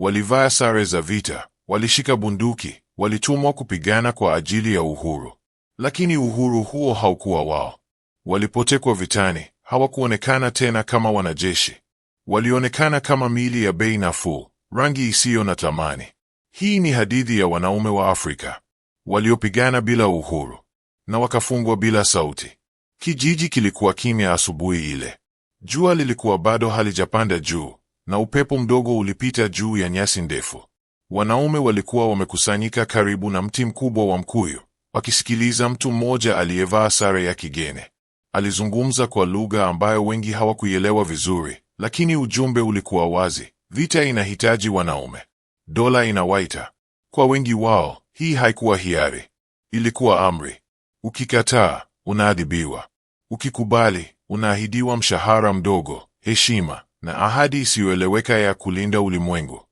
Walivaa sare za vita, walishika bunduki, walitumwa kupigana kwa ajili ya uhuru. Lakini uhuru huo haukuwa wao. Walipotekwa vitani, hawakuonekana tena kama wanajeshi. Walionekana kama miili ya bei nafuu, rangi isiyo na thamani. Hii ni hadithi ya wanaume wa Afrika waliopigana bila uhuru na wakafungwa bila sauti. Kijiji kilikuwa kimya asubuhi ile. Jua lilikuwa bado halijapanda juu na upepo mdogo ulipita juu ya nyasi ndefu. Wanaume walikuwa wamekusanyika karibu na mti mkubwa wa mkuyu wakisikiliza mtu mmoja aliyevaa sare ya kigeni. Alizungumza kwa lugha ambayo wengi hawakuielewa vizuri, lakini ujumbe ulikuwa wazi: vita inahitaji wanaume, dola inawaita. Kwa wengi wao hii haikuwa hiari, ilikuwa amri. Ukikataa unaadhibiwa, ukikubali unaahidiwa mshahara mdogo, heshima na ahadi isiyoeleweka ya kulinda ulimwengu.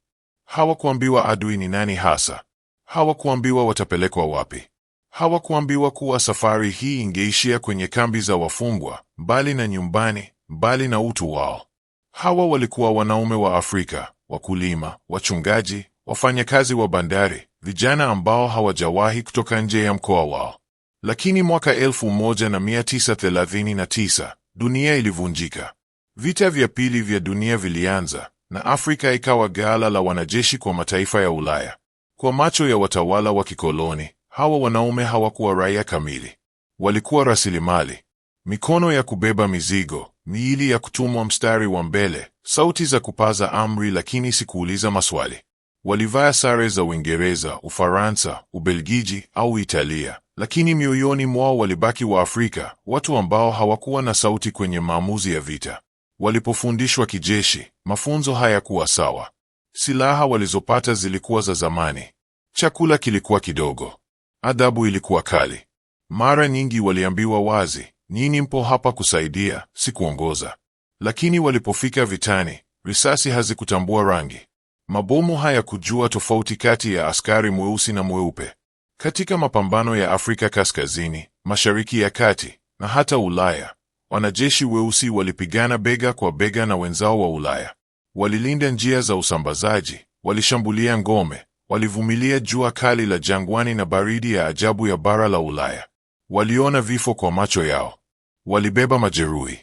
Hawakuambiwa adui ni nani hasa, hawakuambiwa watapelekwa wapi, hawakuambiwa kuwa safari hii ingeishia kwenye kambi za wafungwa, mbali na nyumbani, mbali na utu wao. Hawa walikuwa wanaume wa Afrika, wakulima, wachungaji, wafanyakazi wa bandari, vijana ambao hawajawahi kutoka nje ya mkoa wao. Lakini mwaka 1939 dunia ilivunjika. Vita vya pili vya dunia vilianza na Afrika ikawa ghala la wanajeshi kwa mataifa ya Ulaya. Kwa macho ya watawala wa kikoloni, hawa wanaume hawakuwa raia kamili, walikuwa rasilimali. Mikono ya kubeba mizigo, miili ya kutumwa mstari wa mbele, sauti za kupaza amri lakini si kuuliza maswali. Walivaa sare za Uingereza, Ufaransa, Ubelgiji au Italia, lakini mioyoni mwao walibaki wa Afrika, watu ambao hawakuwa na sauti kwenye maamuzi ya vita. Walipofundishwa kijeshi, mafunzo hayakuwa sawa. Silaha walizopata zilikuwa za zamani, chakula kilikuwa kidogo, adhabu ilikuwa kali. Mara nyingi waliambiwa wazi, nyinyi mpo hapa kusaidia, si kuongoza. Lakini walipofika vitani, risasi hazikutambua rangi, mabomu hayakujua tofauti kati ya askari mweusi na mweupe. Katika mapambano ya Afrika Kaskazini, Mashariki ya Kati na hata Ulaya, Wanajeshi weusi walipigana bega kwa bega na wenzao wa Ulaya. Walilinda njia za usambazaji, walishambulia ngome, walivumilia jua kali la jangwani na baridi ya ajabu ya bara la Ulaya. Waliona vifo kwa macho yao, walibeba majeruhi,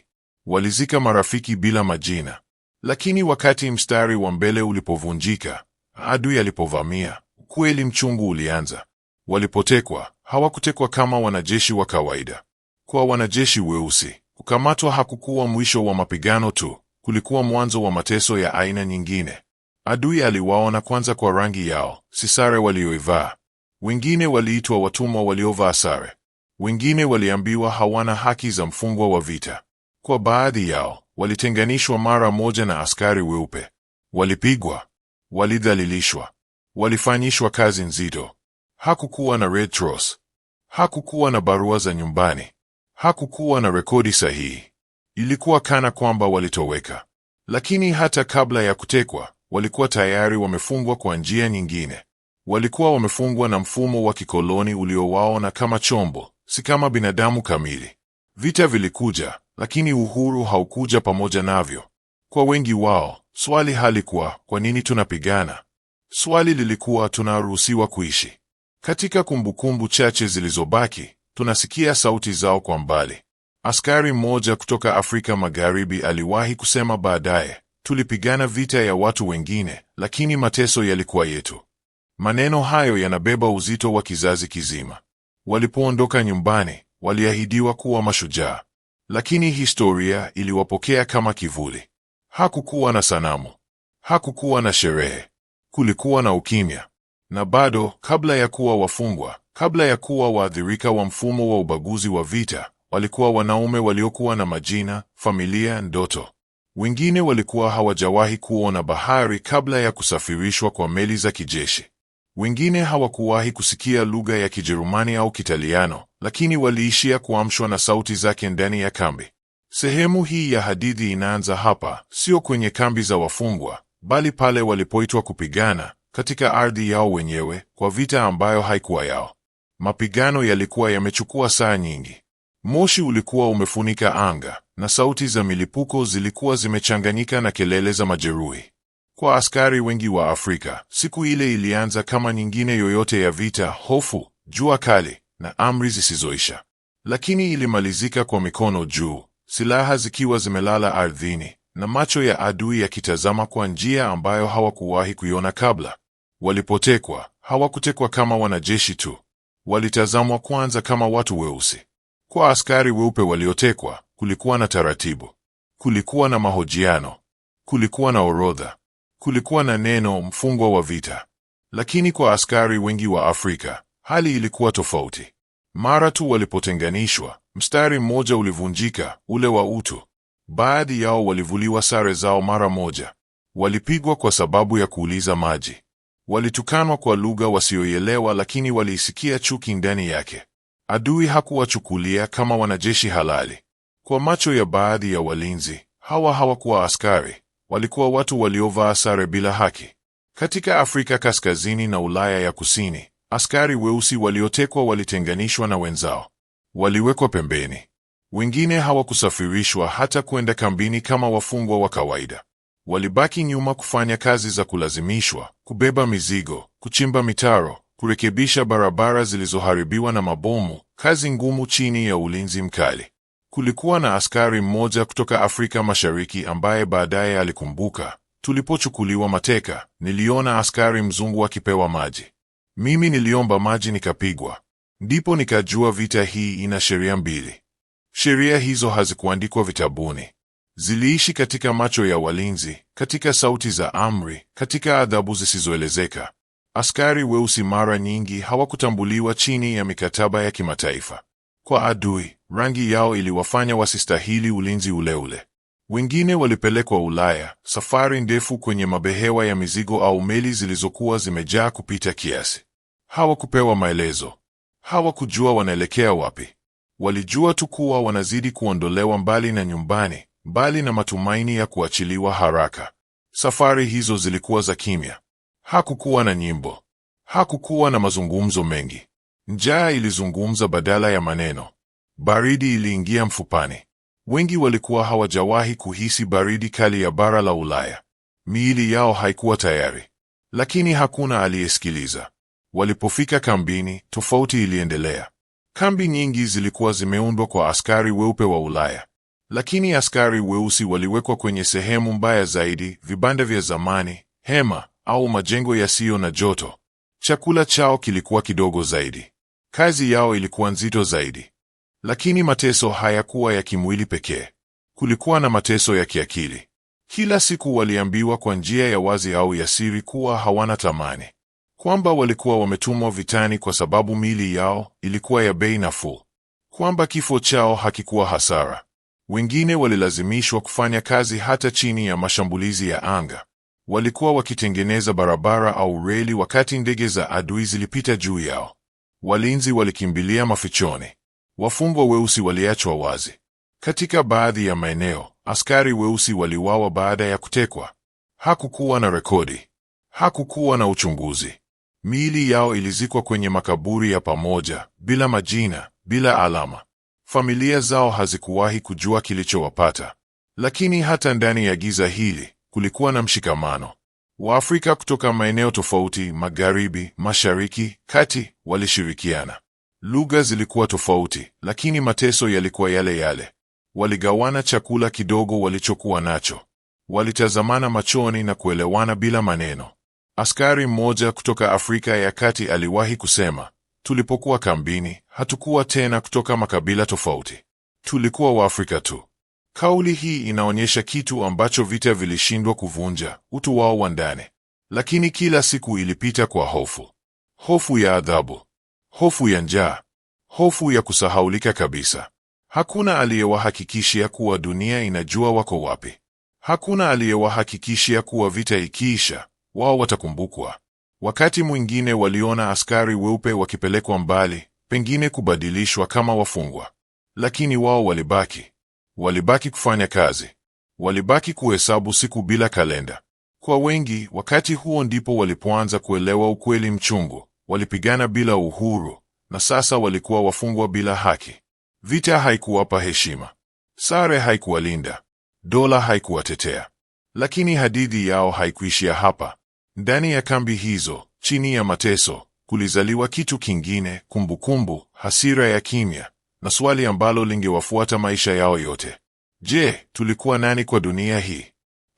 walizika marafiki bila majina. Lakini wakati mstari wa mbele ulipovunjika, adui alipovamia, kweli mchungu ulianza. Walipotekwa, hawakutekwa kama wanajeshi wa kawaida. Kwa wanajeshi weusi Kukamatwa hakukuwa mwisho wa mapigano tu, kulikuwa mwanzo wa mateso ya aina nyingine. Adui aliwaona kwanza kwa rangi yao, si sare walioivaa. Wengine waliitwa watumwa waliovaa sare, wengine waliambiwa hawana haki za mfungwa wa vita. Kwa baadhi yao walitenganishwa mara moja na askari weupe, walipigwa, walidhalilishwa, walifanyishwa kazi nzito. Hakukuwa na red cross, hakukuwa na barua za nyumbani. Hakukuwa na rekodi sahihi, ilikuwa kana kwamba walitoweka. Lakini hata kabla ya kutekwa, walikuwa tayari wamefungwa kwa njia nyingine. Walikuwa wamefungwa na mfumo wa kikoloni uliowaona kama chombo, si kama binadamu kamili. Vita vilikuja, lakini uhuru haukuja pamoja navyo. Kwa wengi wao, swali halikuwa kwa nini tunapigana. Swali lilikuwa tunaruhusiwa kuishi. Katika kumbukumbu chache zilizobaki, Tunasikia sauti zao kwa mbali. Askari mmoja kutoka Afrika Magharibi aliwahi kusema baadaye, tulipigana vita ya watu wengine, lakini mateso yalikuwa yetu. Maneno hayo yanabeba uzito wa kizazi kizima. Walipoondoka nyumbani, waliahidiwa kuwa mashujaa, lakini historia iliwapokea kama kivuli. Hakukuwa na sanamu, hakukuwa na sherehe, kulikuwa na ukimya na bado kabla ya kuwa wafungwa, kabla ya kuwa waathirika wa mfumo wa ubaguzi wa vita, walikuwa wanaume waliokuwa na majina, familia, ndoto. Wengine walikuwa hawajawahi kuona bahari kabla ya kusafirishwa kwa meli za kijeshi. Wengine hawakuwahi kusikia lugha ya Kijerumani au Kitaliano, lakini waliishia kuamshwa na sauti zake ndani ya kambi. Sehemu hii ya hadithi inaanza hapa, sio kwenye kambi za wafungwa, bali pale walipoitwa kupigana, katika ardhi yao wenyewe kwa vita ambayo haikuwa yao. Mapigano yalikuwa yamechukua saa nyingi. Moshi ulikuwa umefunika anga na sauti za milipuko zilikuwa zimechanganyika na kelele za majeruhi. Kwa askari wengi wa Afrika, siku ile ilianza kama nyingine yoyote ya vita: hofu, jua kali na amri zisizoisha. Lakini ilimalizika kwa mikono juu, silaha zikiwa zimelala ardhini na macho ya adui yakitazama kwa njia ambayo hawakuwahi kuiona kabla. Walipotekwa hawakutekwa kama wanajeshi tu, walitazamwa kwanza kama watu weusi. Kwa askari weupe waliotekwa, kulikuwa na taratibu, kulikuwa na mahojiano, kulikuwa na orodha, kulikuwa na neno mfungwa wa vita. Lakini kwa askari wengi wa Afrika hali ilikuwa tofauti. Mara tu walipotenganishwa, mstari mmoja ulivunjika, ule wa utu. Baadhi yao walivuliwa sare zao mara moja, walipigwa kwa sababu ya kuuliza maji, Walitukanwa kwa lugha wasioielewa, lakini waliisikia chuki ndani yake. Adui hakuwachukulia kama wanajeshi halali. Kwa macho ya baadhi ya walinzi, hawa hawakuwa askari, walikuwa watu waliovaa sare bila haki. Katika Afrika Kaskazini na Ulaya ya Kusini, askari weusi waliotekwa walitenganishwa na wenzao, waliwekwa pembeni. Wengine hawakusafirishwa hata kwenda kambini kama wafungwa wa kawaida. Walibaki nyuma kufanya kazi za kulazimishwa, kubeba mizigo, kuchimba mitaro, kurekebisha barabara zilizoharibiwa na mabomu, kazi ngumu chini ya ulinzi mkali. Kulikuwa na askari mmoja kutoka Afrika Mashariki ambaye baadaye alikumbuka, tulipochukuliwa mateka, niliona askari mzungu akipewa maji. Mimi niliomba maji nikapigwa. Ndipo nikajua vita hii ina sheria mbili. Sheria hizo hazikuandikwa vitabuni. Ziliishi katika macho ya walinzi, katika sauti za amri, katika adhabu zisizoelezeka. Askari weusi mara nyingi hawakutambuliwa chini ya mikataba ya kimataifa. Kwa adui, rangi yao iliwafanya wasistahili ulinzi ule ule. Wengine walipelekwa Ulaya, safari ndefu kwenye mabehewa ya mizigo au meli zilizokuwa zimejaa kupita kiasi. Hawakupewa maelezo, hawakujua wanaelekea wapi. Walijua tu kuwa wanazidi kuondolewa mbali na nyumbani, bali na matumaini ya kuachiliwa haraka. Safari hizo zilikuwa za kimya. Hakukuwa na nyimbo, hakukuwa na mazungumzo mengi. Njaa ilizungumza badala ya maneno, baridi iliingia mfupani. Wengi walikuwa hawajawahi kuhisi baridi kali ya bara la Ulaya, miili yao haikuwa tayari, lakini hakuna aliyesikiliza. Walipofika kambini, tofauti iliendelea. Kambi nyingi zilikuwa zimeundwa kwa askari weupe wa Ulaya lakini askari weusi waliwekwa kwenye sehemu mbaya zaidi, vibanda vya zamani, hema au majengo yasiyo na joto. Chakula chao kilikuwa kidogo zaidi, kazi yao ilikuwa nzito zaidi. Lakini mateso hayakuwa ya kimwili pekee, kulikuwa na mateso ya kiakili. Kila siku waliambiwa kwa njia ya wazi au ya siri kuwa hawana thamani, kwamba walikuwa wametumwa vitani kwa sababu miili yao ilikuwa ya bei nafuu, kwamba kifo chao hakikuwa hasara, wengine walilazimishwa kufanya kazi hata chini ya mashambulizi ya anga. Walikuwa wakitengeneza barabara au reli wakati ndege za adui zilipita juu yao. Walinzi walikimbilia mafichoni. Wafungwa weusi waliachwa wazi. Katika baadhi ya maeneo, askari weusi waliwawa baada ya kutekwa. Hakukuwa na rekodi, hakukuwa na uchunguzi. Miili yao ilizikwa kwenye makaburi ya pamoja, bila majina, bila alama familia zao hazikuwahi kujua kilichowapata. Lakini hata ndani ya giza hili kulikuwa na mshikamano. Waafrika kutoka maeneo tofauti, magharibi, mashariki, kati, walishirikiana. Lugha zilikuwa tofauti, lakini mateso yalikuwa yale yale. Waligawana chakula kidogo walichokuwa nacho, walitazamana machoni na kuelewana bila maneno. Askari mmoja kutoka Afrika ya Kati aliwahi kusema, tulipokuwa kambini Hatukuwa tena kutoka makabila tofauti, tulikuwa Waafrika tu. Kauli hii inaonyesha kitu ambacho vita vilishindwa kuvunja, utu wao wa ndani. Lakini kila siku ilipita kwa hofu, hofu ya adhabu, hofu ya njaa, hofu ya kusahaulika kabisa. Hakuna aliyewahakikishia kuwa dunia inajua wako wapi. Hakuna aliyewahakikishia kuwa vita ikiisha, wao watakumbukwa. Wakati mwingine waliona askari weupe wakipelekwa mbali, pengine kubadilishwa kama wafungwa, lakini wao walibaki. Walibaki kufanya kazi, walibaki kuhesabu siku bila kalenda. Kwa wengi, wakati huo ndipo walipoanza kuelewa ukweli mchungu. Walipigana bila uhuru, na sasa walikuwa wafungwa bila haki. Vita haikuwapa heshima, sare haikuwalinda, dola haikuwatetea. Lakini hadithi yao haikuishia hapa. Ndani ya kambi hizo, chini ya mateso, kulizaliwa kitu kingine, kumbukumbu, hasira ya kimya na swali ambalo lingewafuata maisha yao yote. Je, tulikuwa nani kwa dunia hii?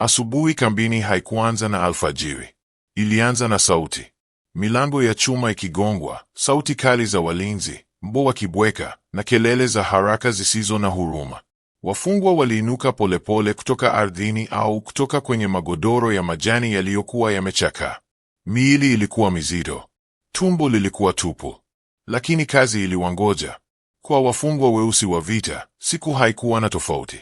Asubuhi kambini haikuanza na alfajiri, ilianza na sauti, milango ya chuma ikigongwa, sauti kali za walinzi, mbo wakibweka na kelele za haraka zisizo na huruma. Wafungwa waliinuka polepole kutoka ardhini au kutoka kwenye magodoro ya majani yaliyokuwa yamechakaa. Miili ilikuwa mizito, Tumbo lilikuwa tupu, lakini kazi iliwangoja. Kwa wafungwa weusi wa vita, siku haikuwa na tofauti.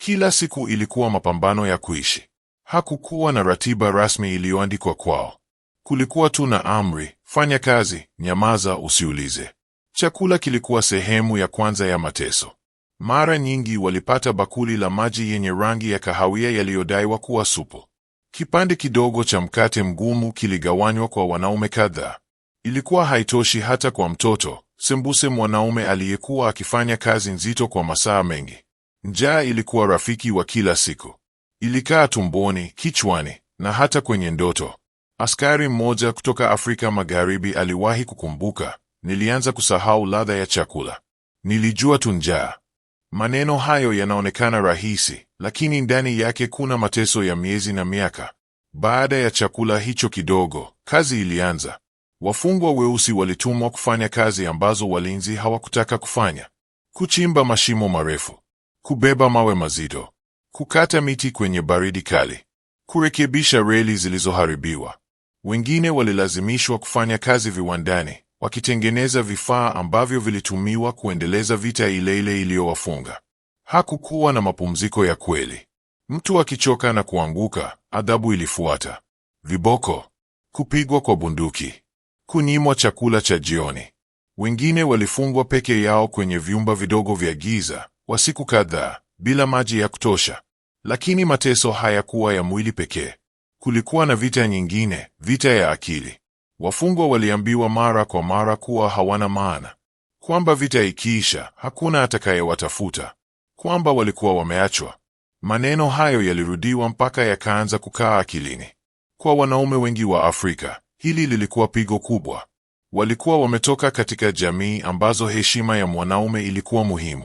Kila siku ilikuwa mapambano ya kuishi. Hakukuwa na ratiba rasmi iliyoandikwa kwao. Kulikuwa tu na amri: fanya kazi, nyamaza, usiulize. Chakula kilikuwa sehemu ya kwanza ya mateso. Mara nyingi walipata bakuli la maji yenye rangi ya kahawia yaliyodaiwa kuwa supu. Kipande kidogo cha mkate mgumu kiligawanywa kwa wanaume kadhaa. Ilikuwa haitoshi hata kwa mtoto sembuse mwanaume aliyekuwa akifanya kazi nzito kwa masaa mengi. Njaa ilikuwa rafiki wa kila siku, ilikaa tumboni, kichwani na hata kwenye ndoto. Askari mmoja kutoka Afrika Magharibi aliwahi kukumbuka, nilianza kusahau ladha ya chakula, nilijua tu njaa. Maneno hayo yanaonekana rahisi, lakini ndani yake kuna mateso ya miezi na miaka. Baada ya chakula hicho kidogo, kazi ilianza. Wafungwa weusi walitumwa kufanya kazi ambazo walinzi hawakutaka kufanya: kuchimba mashimo marefu, kubeba mawe mazito, kukata miti kwenye baridi kali, kurekebisha reli zilizoharibiwa. Wengine walilazimishwa kufanya kazi viwandani, wakitengeneza vifaa ambavyo vilitumiwa kuendeleza vita ile ile iliyowafunga. Hakukuwa na mapumziko ya kweli. Mtu akichoka na kuanguka, adhabu ilifuata: viboko, kupigwa kwa bunduki kunyimwa chakula cha jioni. Wengine walifungwa peke yao kwenye vyumba vidogo vya giza kwa siku kadhaa bila maji ya kutosha. Lakini mateso hayakuwa ya mwili pekee. Kulikuwa na vita nyingine, vita ya akili. Wafungwa waliambiwa mara kwa mara kuwa hawana maana, kwamba vita ikiisha hakuna atakayewatafuta, kwamba walikuwa wameachwa. Maneno hayo yalirudiwa mpaka yakaanza kukaa akilini. Kwa wanaume wengi wa Afrika, Hili lilikuwa pigo kubwa. Walikuwa wametoka katika jamii ambazo heshima ya mwanaume ilikuwa muhimu.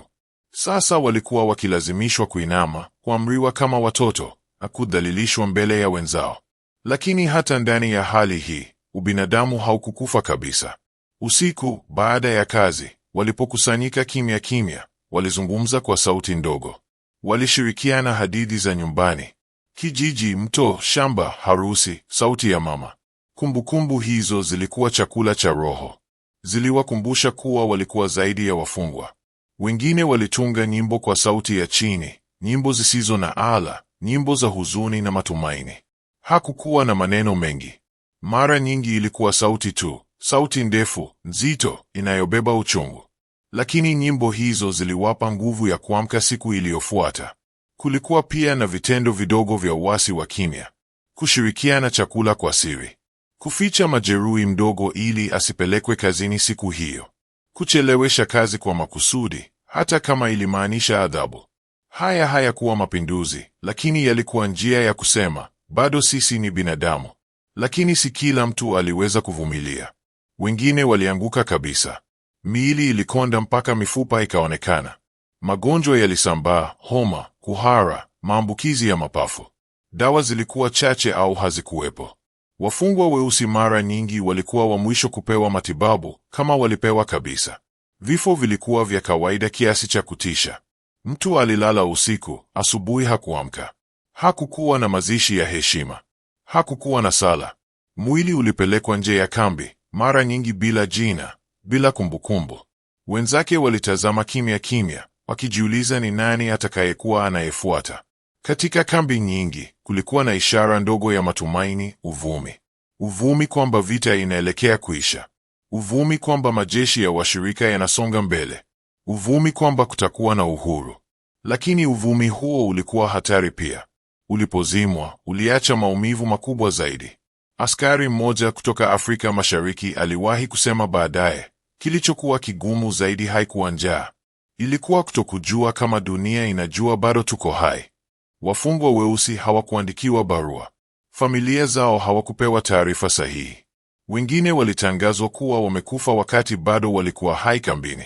Sasa walikuwa wakilazimishwa kuinama, kuamriwa kama watoto na kudhalilishwa mbele ya wenzao. Lakini hata ndani ya hali hii, ubinadamu haukukufa kabisa. Usiku baada ya kazi, walipokusanyika kimya kimya, walizungumza kwa sauti ndogo. Walishirikiana hadithi za nyumbani, kijiji, mto, shamba, harusi, sauti ya mama. Kumbukumbu hizo zilikuwa chakula cha roho, ziliwakumbusha kuwa walikuwa zaidi ya wafungwa. Wengine walitunga nyimbo kwa sauti ya chini, nyimbo zisizo na ala, nyimbo za huzuni na matumaini. Hakukuwa na maneno mengi, mara nyingi ilikuwa sauti tu, sauti ndefu, nzito, inayobeba uchungu. Lakini nyimbo hizo ziliwapa nguvu ya kuamka siku iliyofuata. Kulikuwa pia na vitendo vidogo vya uasi wa kimya, kushirikiana chakula kwa siri, kuficha majeruhi mdogo ili asipelekwe kazini siku hiyo, kuchelewesha kazi kwa makusudi, hata kama ilimaanisha adhabu. Haya hayakuwa mapinduzi, lakini yalikuwa njia ya kusema bado sisi ni binadamu. Lakini si kila mtu aliweza kuvumilia. Wengine walianguka kabisa, miili ilikonda mpaka mifupa ikaonekana. Magonjwa yalisambaa: homa, kuhara, maambukizi ya mapafu. Dawa zilikuwa chache au hazikuwepo. Wafungwa weusi mara nyingi walikuwa wa mwisho kupewa matibabu, kama walipewa kabisa. Vifo vilikuwa vya kawaida kiasi cha kutisha. Mtu alilala usiku, asubuhi hakuamka. Hakukuwa na mazishi ya heshima, hakukuwa na sala. Mwili ulipelekwa nje ya kambi, mara nyingi bila jina, bila kumbukumbu. Wenzake walitazama kimya kimya, wakijiuliza ni nani atakayekuwa anayefuata. Katika kambi nyingi kulikuwa na ishara ndogo ya matumaini, uvumi, uvumi kwamba vita inaelekea kuisha, uvumi kwamba majeshi ya washirika yanasonga mbele, uvumi kwamba kutakuwa na uhuru. Lakini uvumi huo ulikuwa hatari pia. Ulipozimwa uliacha maumivu makubwa zaidi. Askari mmoja kutoka Afrika Mashariki aliwahi kusema baadaye, kilichokuwa kigumu zaidi haikuwa njaa, ilikuwa kutokujua kama dunia inajua bado tuko hai. Wafungwa weusi hawakuandikiwa barua, familia zao hawakupewa taarifa sahihi. Wengine walitangazwa kuwa wamekufa wakati bado walikuwa hai kambini,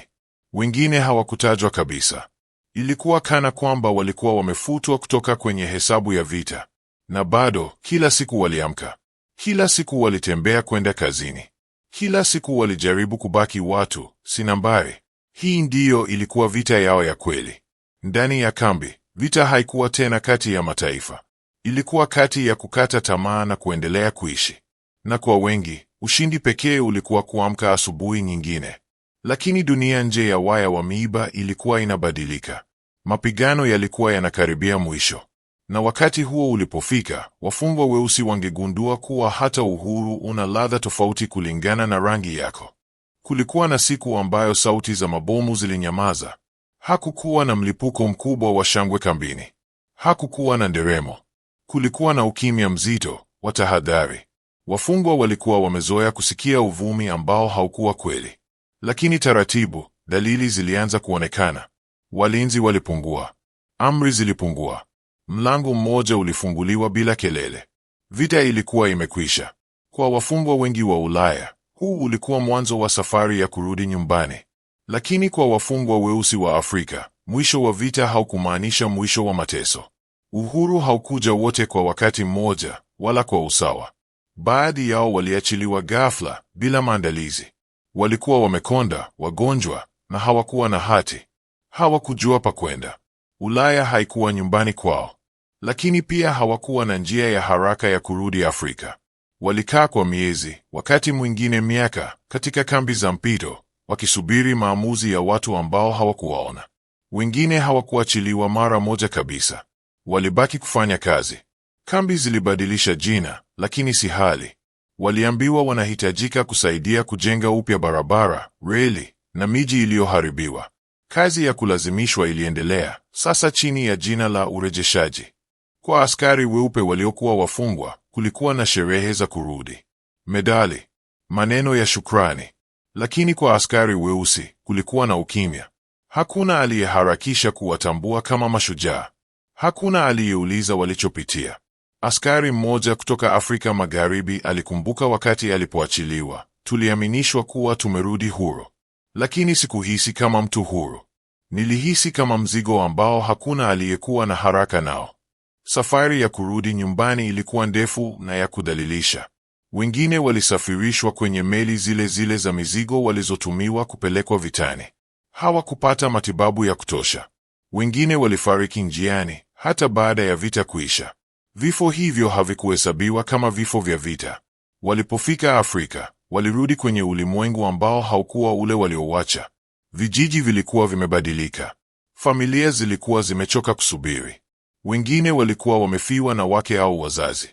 wengine hawakutajwa kabisa. Ilikuwa kana kwamba walikuwa wamefutwa kutoka kwenye hesabu ya vita. Na bado kila siku waliamka, kila siku walitembea kwenda kazini, kila siku walijaribu kubaki watu si nambari. Hii ndiyo ilikuwa vita yao ya kweli ndani ya kambi. Vita haikuwa tena kati ya mataifa, ilikuwa kati ya kukata tamaa na kuendelea kuishi. Na kwa wengi, ushindi pekee ulikuwa kuamka asubuhi nyingine. Lakini dunia nje ya waya wa miiba ilikuwa inabadilika. Mapigano yalikuwa yanakaribia mwisho, na wakati huo ulipofika, wafungwa weusi wangegundua kuwa hata uhuru una ladha tofauti kulingana na rangi yako. Kulikuwa na siku ambayo sauti za mabomu zilinyamaza, Hakukuwa na mlipuko mkubwa wa shangwe kambini, hakukuwa na nderemo. Kulikuwa na ukimya mzito wa tahadhari. Wafungwa walikuwa wamezoea kusikia uvumi ambao haukuwa kweli, lakini taratibu dalili zilianza kuonekana. Walinzi walipungua, amri zilipungua, mlango mmoja ulifunguliwa bila kelele. Vita ilikuwa imekwisha. Kwa wafungwa wengi wa Ulaya, huu ulikuwa mwanzo wa safari ya kurudi nyumbani. Lakini kwa wafungwa weusi wa Afrika, mwisho wa vita haukumaanisha mwisho wa mateso. Uhuru haukuja wote kwa wakati mmoja, wala kwa usawa. Baadhi yao waliachiliwa ghafla, bila maandalizi. Walikuwa wamekonda, wagonjwa, na hawakuwa na hati. Hawakujua pa kwenda. Ulaya haikuwa nyumbani kwao, lakini pia hawakuwa na njia ya haraka ya kurudi Afrika. Walikaa kwa miezi, wakati mwingine miaka, katika kambi za mpito wakisubiri maamuzi ya watu ambao hawakuwaona. Wengine hawakuachiliwa mara moja kabisa, walibaki kufanya kazi. Kambi zilibadilisha jina, lakini si hali. Waliambiwa wanahitajika kusaidia kujenga upya barabara, reli na miji iliyoharibiwa. Kazi ya kulazimishwa iliendelea, sasa chini ya jina la urejeshaji. Kwa askari weupe waliokuwa wafungwa, kulikuwa na sherehe za kurudi, medali, maneno ya shukrani lakini kwa askari weusi kulikuwa na ukimya. Hakuna aliyeharakisha kuwatambua kama mashujaa. Hakuna aliyeuliza walichopitia. Askari mmoja kutoka Afrika Magharibi alikumbuka wakati alipoachiliwa, tuliaminishwa kuwa tumerudi huru, lakini sikuhisi kama mtu huru. Nilihisi kama mzigo ambao hakuna aliyekuwa na haraka nao. Safari ya kurudi nyumbani ilikuwa ndefu na ya kudhalilisha. Wengine walisafirishwa kwenye meli zile zile za mizigo walizotumiwa kupelekwa vitani. Hawakupata matibabu ya kutosha. Wengine walifariki njiani hata baada ya vita kuisha. Vifo hivyo havikuhesabiwa kama vifo vya vita. Walipofika Afrika, walirudi kwenye ulimwengu ambao haukuwa ule waliowacha. Vijiji vilikuwa vimebadilika. Familia zilikuwa zimechoka kusubiri. Wengine walikuwa wamefiwa na wake au wazazi.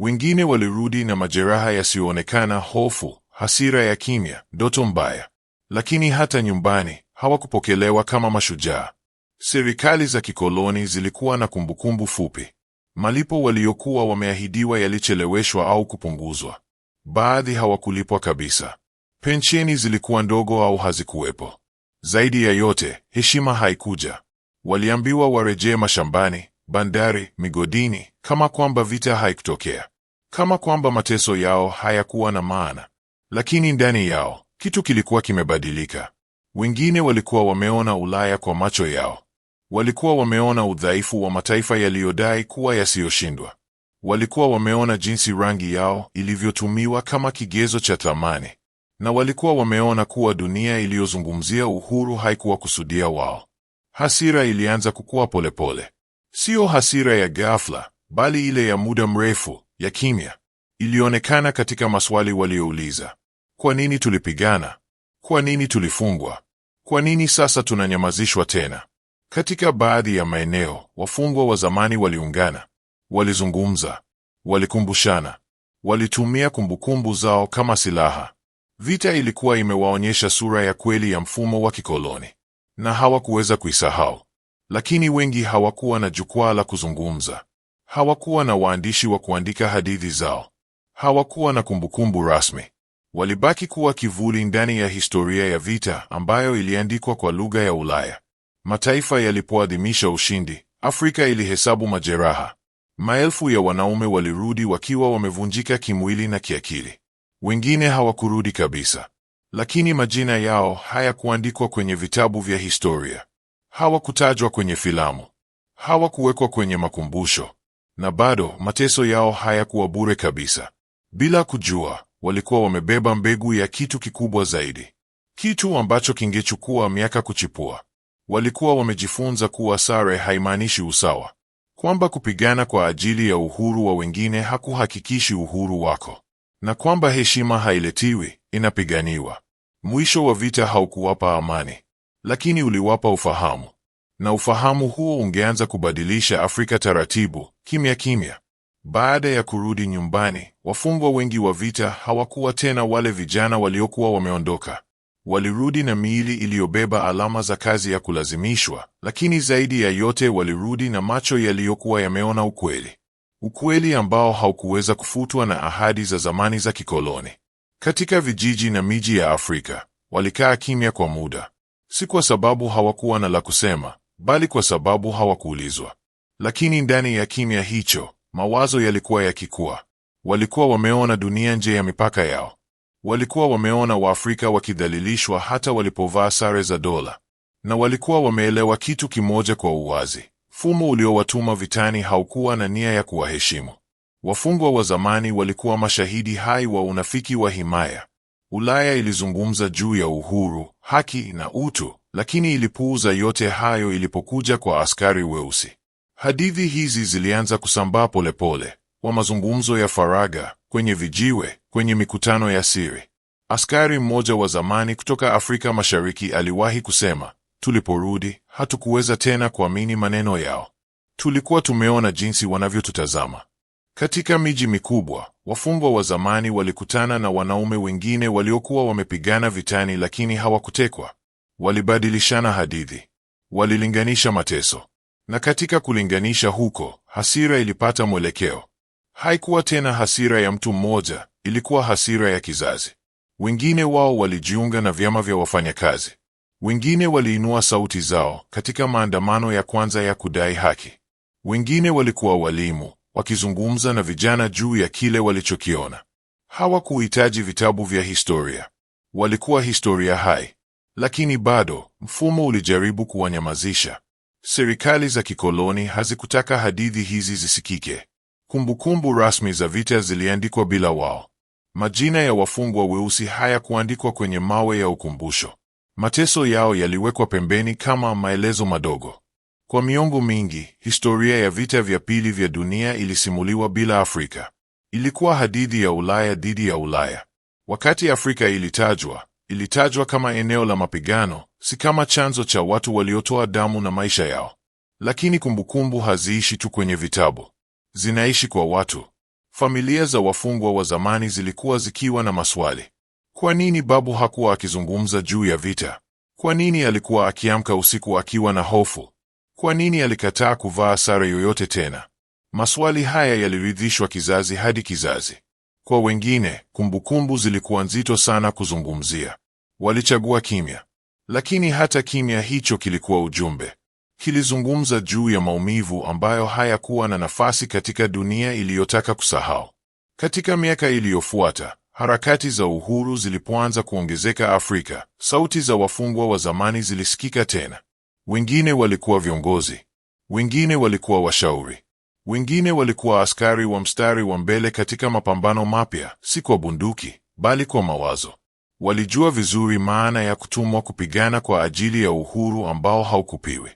Wengine walirudi na majeraha yasiyoonekana, hofu, hasira ya kimya, ndoto mbaya. Lakini hata nyumbani hawakupokelewa kama mashujaa. Serikali za kikoloni zilikuwa na kumbukumbu fupi. Malipo waliokuwa wameahidiwa yalicheleweshwa au kupunguzwa. Baadhi hawakulipwa kabisa. Pensheni zilikuwa ndogo au hazikuwepo. Zaidi ya yote, heshima haikuja. Waliambiwa warejee mashambani, bandari migodini, kama kwamba vita haikutokea, kama kwamba mateso yao hayakuwa na maana. Lakini ndani yao kitu kilikuwa kimebadilika. Wengine walikuwa wameona Ulaya kwa macho yao, walikuwa wameona udhaifu wa mataifa yaliyodai kuwa yasiyoshindwa, walikuwa wameona jinsi rangi yao ilivyotumiwa kama kigezo cha thamani, na walikuwa wameona kuwa dunia iliyozungumzia uhuru haikuwakusudia wao. Hasira ilianza kukua polepole pole. Siyo hasira ya ghafla, bali ile ya muda mrefu ya kimya ilionekana katika maswali waliouliza: kwa nini tulipigana? Kwa nini tulifungwa? Kwa nini sasa tunanyamazishwa tena? Katika baadhi ya maeneo, wafungwa wa zamani waliungana, walizungumza, walikumbushana, walitumia kumbukumbu zao kama silaha. Vita ilikuwa imewaonyesha sura ya kweli ya mfumo wa kikoloni, na hawakuweza kuisahau lakini wengi hawakuwa na jukwaa la kuzungumza, hawakuwa na waandishi wa kuandika hadithi zao, hawakuwa na kumbukumbu rasmi. Walibaki kuwa kivuli ndani ya historia ya vita ambayo iliandikwa kwa lugha ya Ulaya. Mataifa yalipoadhimisha ushindi, Afrika ilihesabu majeraha. Maelfu ya wanaume walirudi wakiwa wamevunjika kimwili na kiakili, wengine hawakurudi kabisa, lakini majina yao hayakuandikwa kwenye vitabu vya historia. Hawakutajwa kwenye filamu, hawakuwekwa kwenye makumbusho, na bado mateso yao hayakuwa bure kabisa. Bila kujua, walikuwa wamebeba mbegu ya kitu kikubwa zaidi, kitu ambacho kingechukua miaka kuchipua. Walikuwa wamejifunza kuwa sare haimaanishi usawa, kwamba kupigana kwa ajili ya uhuru wa wengine hakuhakikishi uhuru wako, na kwamba heshima hailetiwi, inapiganiwa. Mwisho wa vita haukuwapa amani, lakini uliwapa ufahamu, na ufahamu huo ungeanza kubadilisha Afrika taratibu, kimya kimya. Baada ya kurudi nyumbani, wafungwa wengi wa vita hawakuwa tena wale vijana waliokuwa wameondoka. Walirudi na miili iliyobeba alama za kazi ya kulazimishwa, lakini zaidi ya yote walirudi na macho yaliyokuwa yameona ukweli, ukweli ambao haukuweza kufutwa na ahadi za zamani za kikoloni. Katika vijiji na miji ya Afrika walikaa kimya kwa muda, si kwa sababu hawakuwa na la kusema, bali kwa sababu hawakuulizwa. Lakini ndani ya kimya hicho mawazo yalikuwa yakikua. Walikuwa wameona dunia nje ya mipaka yao. Walikuwa wameona Waafrika wakidhalilishwa hata walipovaa sare za dola, na walikuwa wameelewa kitu kimoja kwa uwazi: mfumo uliowatuma vitani haukuwa na nia ya kuwaheshimu. Wafungwa wa zamani walikuwa mashahidi hai wa unafiki wa himaya. Ulaya ilizungumza juu ya uhuru, haki na utu, lakini ilipuuza yote hayo ilipokuja kwa askari weusi. Hadithi hizi zilianza kusambaa polepole kwa mazungumzo ya faraga kwenye vijiwe, kwenye mikutano ya siri. Askari mmoja wa zamani kutoka Afrika Mashariki aliwahi kusema, tuliporudi hatukuweza tena kuamini maneno yao, tulikuwa tumeona jinsi wanavyotutazama. Katika miji mikubwa, wafungwa wa zamani walikutana na wanaume wengine waliokuwa wamepigana vitani lakini hawakutekwa. Walibadilishana hadithi, walilinganisha mateso, na katika kulinganisha huko, hasira ilipata mwelekeo. Haikuwa tena hasira ya mtu mmoja, ilikuwa hasira ya kizazi. Wengine wao walijiunga na vyama vya wafanyakazi, wengine waliinua sauti zao katika maandamano ya kwanza ya kudai haki. Wengine walikuwa walimu, wakizungumza na vijana juu ya kile walichokiona. Hawakuhitaji vitabu vya historia, walikuwa historia hai. Lakini bado mfumo ulijaribu kuwanyamazisha. Serikali za kikoloni hazikutaka hadithi hizi zisikike. Kumbukumbu rasmi za vita ziliandikwa bila wao. Majina ya wafungwa weusi hayakuandikwa kwenye mawe ya ukumbusho. Mateso yao yaliwekwa pembeni kama maelezo madogo. Kwa miongo mingi, historia ya vita vya pili vya dunia ilisimuliwa bila Afrika. Ilikuwa hadithi ya Ulaya dhidi ya Ulaya. Wakati Afrika ilitajwa, ilitajwa kama eneo la mapigano, si kama chanzo cha watu waliotoa damu na maisha yao. Lakini kumbukumbu haziishi tu kwenye vitabu, zinaishi kwa watu. Familia za wafungwa wa zamani zilikuwa zikiwa na maswali. Kwa nini babu hakuwa akizungumza juu ya vita? Kwa nini alikuwa akiamka usiku akiwa na hofu? Kwa nini alikataa kuvaa sare yoyote tena? Maswali haya yaliridhishwa kizazi hadi kizazi. Kwa wengine, kumbukumbu zilikuwa nzito sana kuzungumzia, walichagua kimya. Lakini hata kimya hicho kilikuwa ujumbe. Kilizungumza juu ya maumivu ambayo hayakuwa na nafasi katika dunia iliyotaka kusahau. Katika miaka iliyofuata, harakati za uhuru zilipoanza kuongezeka Afrika, sauti za wafungwa wa zamani zilisikika tena. Wengine walikuwa viongozi, wengine walikuwa washauri, wengine walikuwa askari wa mstari wa mbele katika mapambano mapya, si kwa bunduki, bali kwa mawazo. Walijua vizuri maana ya kutumwa kupigana kwa ajili ya uhuru ambao haukupiwi.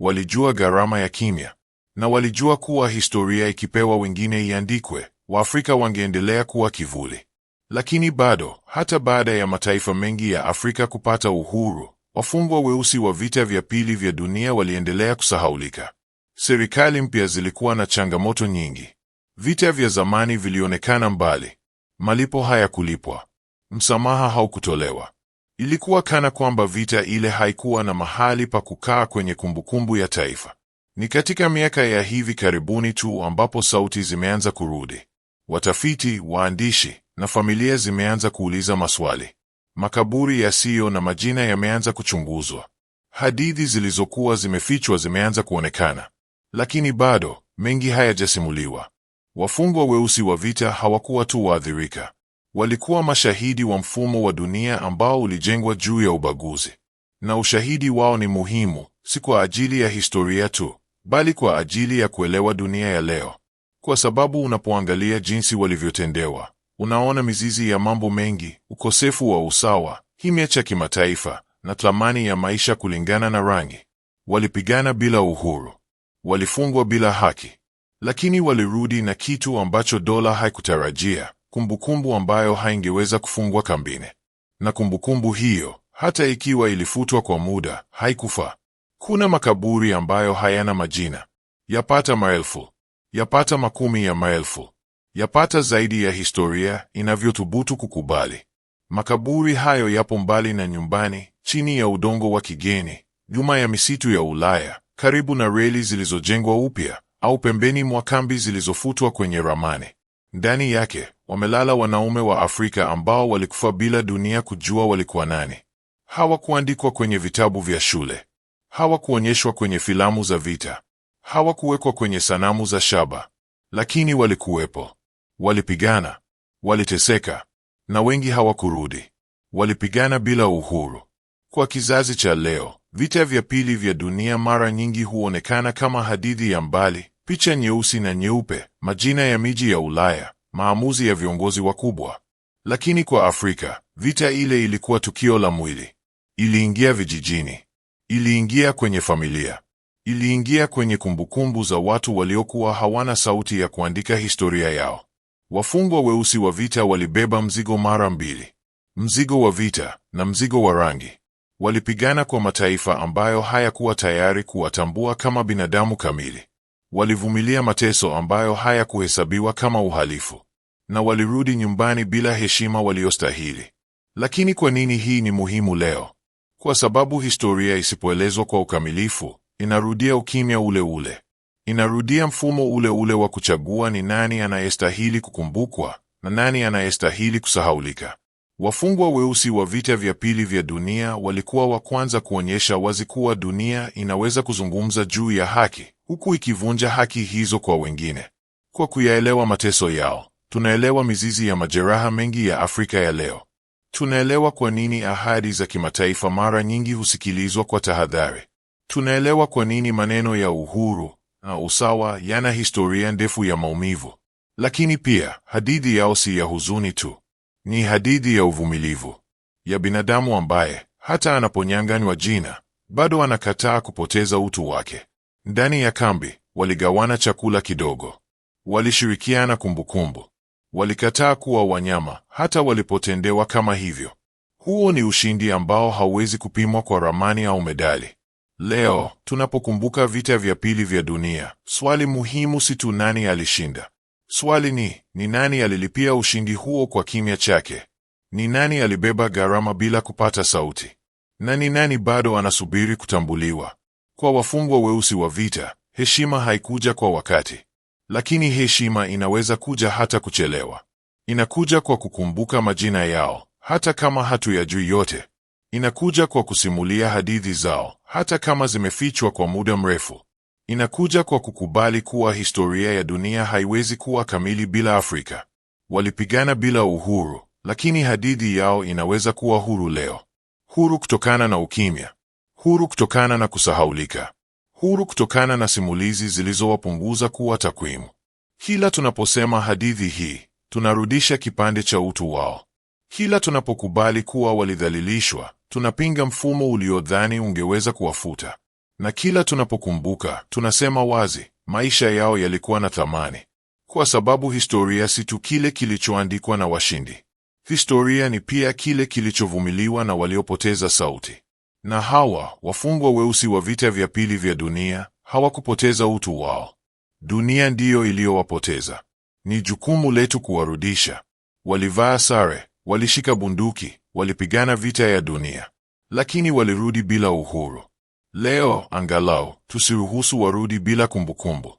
Walijua gharama ya kimya, na walijua kuwa historia ikipewa wengine iandikwe, Waafrika wangeendelea kuwa kivuli. Lakini bado, hata baada ya mataifa mengi ya Afrika kupata uhuru, Wafungwa weusi wa vita vya pili vya dunia waliendelea kusahaulika. Serikali mpya zilikuwa na changamoto nyingi. Vita vya zamani vilionekana mbali. Malipo hayakulipwa, msamaha haukutolewa. Ilikuwa kana kwamba vita ile haikuwa na mahali pa kukaa kwenye kumbukumbu ya taifa. Ni katika miaka ya hivi karibuni tu ambapo sauti zimeanza kurudi. Watafiti, waandishi na familia zimeanza kuuliza maswali. Makaburi yasiyo na majina yameanza kuchunguzwa. Hadithi zilizokuwa zimefichwa zimeanza kuonekana, lakini bado mengi hayajasimuliwa. Wafungwa weusi wa vita hawakuwa tu waathirika, walikuwa mashahidi wa mfumo wa dunia ambao ulijengwa juu ya ubaguzi, na ushahidi wao ni muhimu, si kwa ajili ya historia tu, bali kwa ajili ya kuelewa dunia ya leo, kwa sababu unapoangalia jinsi walivyotendewa unaona mizizi ya mambo mengi: ukosefu wa usawa, kimya cha kimataifa na thamani ya maisha kulingana na rangi. Walipigana bila uhuru, walifungwa bila haki, lakini walirudi na kitu ambacho dola haikutarajia, kumbukumbu ambayo haingeweza kufungwa kambini. Na kumbukumbu hiyo, hata ikiwa ilifutwa kwa muda, haikufa. Kuna makaburi ambayo hayana majina, yapata maelfu, yapata makumi ya maelfu yapata zaidi ya historia inavyothubutu kukubali. Makaburi hayo yapo mbali na nyumbani, chini ya udongo wa kigeni, nyuma ya misitu ya Ulaya, karibu na reli zilizojengwa upya au pembeni mwa kambi zilizofutwa kwenye ramani. Ndani yake wamelala wanaume wa Afrika ambao walikufa bila dunia kujua walikuwa nani. Hawakuandikwa kwenye vitabu vya shule, hawakuonyeshwa kwenye filamu za vita, hawakuwekwa kwenye sanamu za shaba, lakini walikuwepo. Walipigana, waliteseka, na wengi hawakurudi. Walipigana bila uhuru. Kwa kizazi cha leo, vita vya pili vya dunia mara nyingi huonekana kama hadithi ya mbali, picha nyeusi na nyeupe, majina ya miji ya Ulaya, maamuzi ya viongozi wakubwa. Lakini kwa Afrika, vita ile ilikuwa tukio la mwili. Iliingia vijijini, iliingia kwenye familia, iliingia kwenye kumbukumbu za watu waliokuwa hawana sauti ya kuandika historia yao. Wafungwa weusi wa vita walibeba mzigo mara mbili, mzigo wa vita na mzigo wa rangi. Walipigana kwa mataifa ambayo hayakuwa tayari kuwatambua kama binadamu kamili. Walivumilia mateso ambayo hayakuhesabiwa kama uhalifu, na walirudi nyumbani bila heshima waliostahili. Lakini kwa nini hii ni muhimu leo? Kwa sababu historia isipoelezwa kwa ukamilifu, inarudia ukimya ule ule. Inarudia mfumo ule ule wa kuchagua ni nani anayestahili kukumbukwa na nani anayestahili kusahaulika. Wafungwa weusi wa vita vya pili vya dunia walikuwa wa kwanza kuonyesha wazi kuwa dunia inaweza kuzungumza juu ya haki, huku ikivunja haki hizo kwa wengine. Kwa kuyaelewa mateso yao, tunaelewa mizizi ya majeraha mengi ya Afrika ya leo. Tunaelewa kwa nini ahadi za kimataifa mara nyingi husikilizwa kwa tahadhari. Tunaelewa kwa nini maneno ya uhuru na usawa yana historia ndefu ya maumivu, lakini pia hadithi yao si ya huzuni tu. Ni hadithi ya uvumilivu, ya binadamu ambaye hata anaponyang'anywa jina bado anakataa kupoteza utu wake. Ndani ya kambi waligawana chakula kidogo, walishirikiana kumbukumbu, walikataa kuwa wanyama hata walipotendewa kama hivyo. Huo ni ushindi ambao hauwezi kupimwa kwa ramani au medali, Leo tunapokumbuka vita vya pili vya dunia, swali muhimu si tu nani alishinda. Swali ni ni nani alilipia ushindi huo kwa kimya chake? Ni nani alibeba gharama bila kupata sauti? Na ni nani bado anasubiri kutambuliwa? Kwa wafungwa weusi wa vita, heshima haikuja kwa wakati, lakini heshima inaweza kuja hata kuchelewa. Inakuja kwa kukumbuka majina yao, hata kama hatuyajui yote. Inakuja kwa kusimulia hadithi zao hata kama zimefichwa kwa muda mrefu. Inakuja kwa kukubali kuwa historia ya dunia haiwezi kuwa kamili bila Afrika. Walipigana bila uhuru, lakini hadithi yao inaweza kuwa huru leo. Huru kutokana na ukimya, huru kutokana na kusahaulika, huru kutokana na simulizi zilizowapunguza kuwa takwimu. Kila tunaposema hadithi hii, tunarudisha kipande cha utu wao. Kila tunapokubali kuwa walidhalilishwa, tunapinga mfumo uliodhani ungeweza kuwafuta, na kila tunapokumbuka, tunasema wazi, maisha yao yalikuwa na thamani, kwa sababu historia si tu kile kilichoandikwa na washindi. Historia ni pia kile kilichovumiliwa na waliopoteza sauti. Na hawa wafungwa weusi wa vita vya pili vya dunia hawakupoteza utu wao, dunia ndiyo iliyowapoteza. Ni jukumu letu kuwarudisha. Walivaa sare Walishika bunduki, walipigana vita ya dunia, lakini walirudi bila uhuru. Leo angalau tusiruhusu warudi bila kumbukumbu.